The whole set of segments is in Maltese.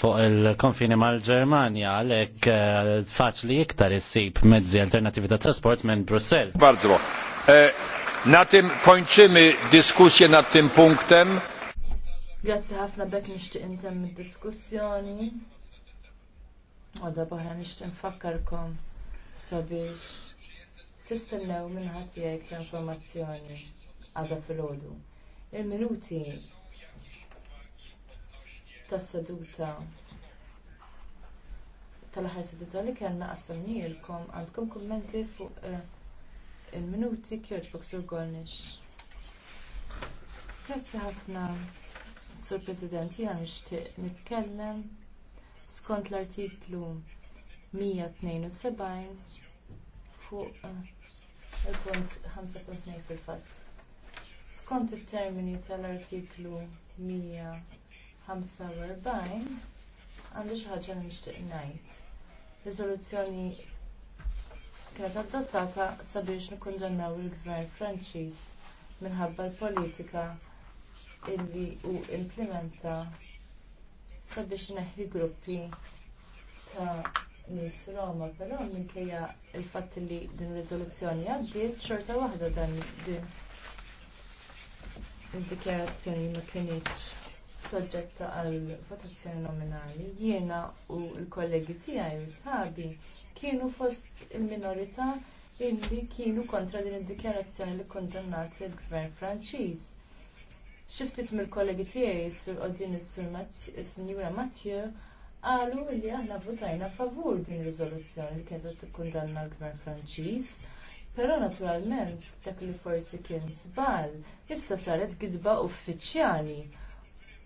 fuq il-konfini mal germania għalek eh, faċli iktar issib mezzi alternativi ta' trasport minn Brussel. Bardzo. Eh, natim tym diskussja natim punktem. Grazie ħafna bekk nishtiq intem diskussjoni. diskussjoni Għadha boħra nixtieq nfakkarkom sabiex tistennew minn ħadd jgħid informazzjoni għadha fil-ħodu. Il-minuti tas-seduta tal-aħħar seduta li kellna qassamnilkom għandkom kummenti fuq eh, il-minuti kjoġbok sur Gornish. Grazzi ħafna, Sur President, jena nixtieq nitkellem skont l-artiklu 172 fuq eh, il-punt 5.2 fil fatt Skont it termini tal-artiklu 100 45 għandu xi ħaġa li nixtieq ngħid. Riżoluzzjoni kienet adottata sabiex nikkundannaw il-Gvern Franċiż minħabba l-politika illi hu implementa sabiex neħi gruppi ta' nies Roma, però minkejja il fatt li din riżoluzzjoni għaddiet xorta waħda dan din id-dikjarazzjoni ma kienitx soġġetta għal votazzjoni nominali, jiena u l-kollegi tiegħi u sħabi kienu fost il-minorità illi kienu kontra din id-dikjarazzjoni li kondannat il-gvern Franċiż. Xi ftit mill-kollegi tiegħi sur qodin is-Sinjura Mathieu qalu li aħna votajna favur din ir riżoluzzjoni li kienet tikkundanna l-gvern Franċiż. Però naturalment dak li forsi kien żball issa saret gidba uffiċjali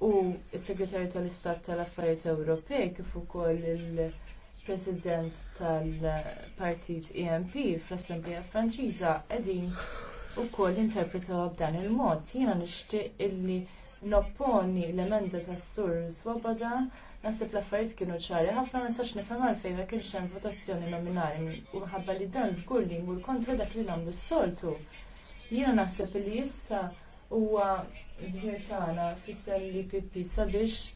u s-Segretarju tal-Istat tal-Affarijiet Ewropej kif ukoll il-President tal-Partit EMP fl-Assembleja Franċiża qegħdin ukoll interpretaw b'dan il-mod. Jiena nixtieq illi nopponi l-emenda tas-sur Swoboda Nasib l-affarijiet kienu ċari, ħafna ma nistax nifhem għalfejn ma kienx hemm votazzjoni nominali u ħabba li dan żgur li jmur kontra dak li nagħmlu s-soltu. Jiena naħseb li issa huwa dħir tagħna fis-sem li PP sabiex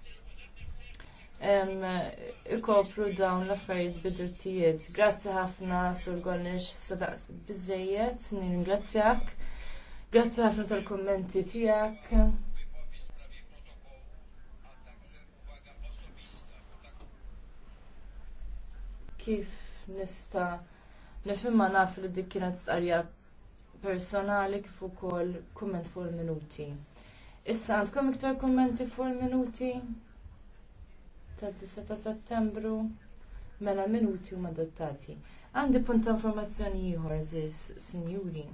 ikopru dawn l-affarijiet bid-drittijiet. Grazzi ħafna sur Gonnex sadaqs biżejjed, nirringrazzjak. Grazzi ħafna tal-kummenti tiegħek. Kif nista' nifhimma naf li dik kienet stqarrija personali kif ukoll kumment fuq il-minuti. Issa għandkom iktar kummenti fuq il-minuti tad-9 ta' Settembru mela l-minuti huma adottati. Għandi punt ta' informazzjoni ieħor żis, sinjuri.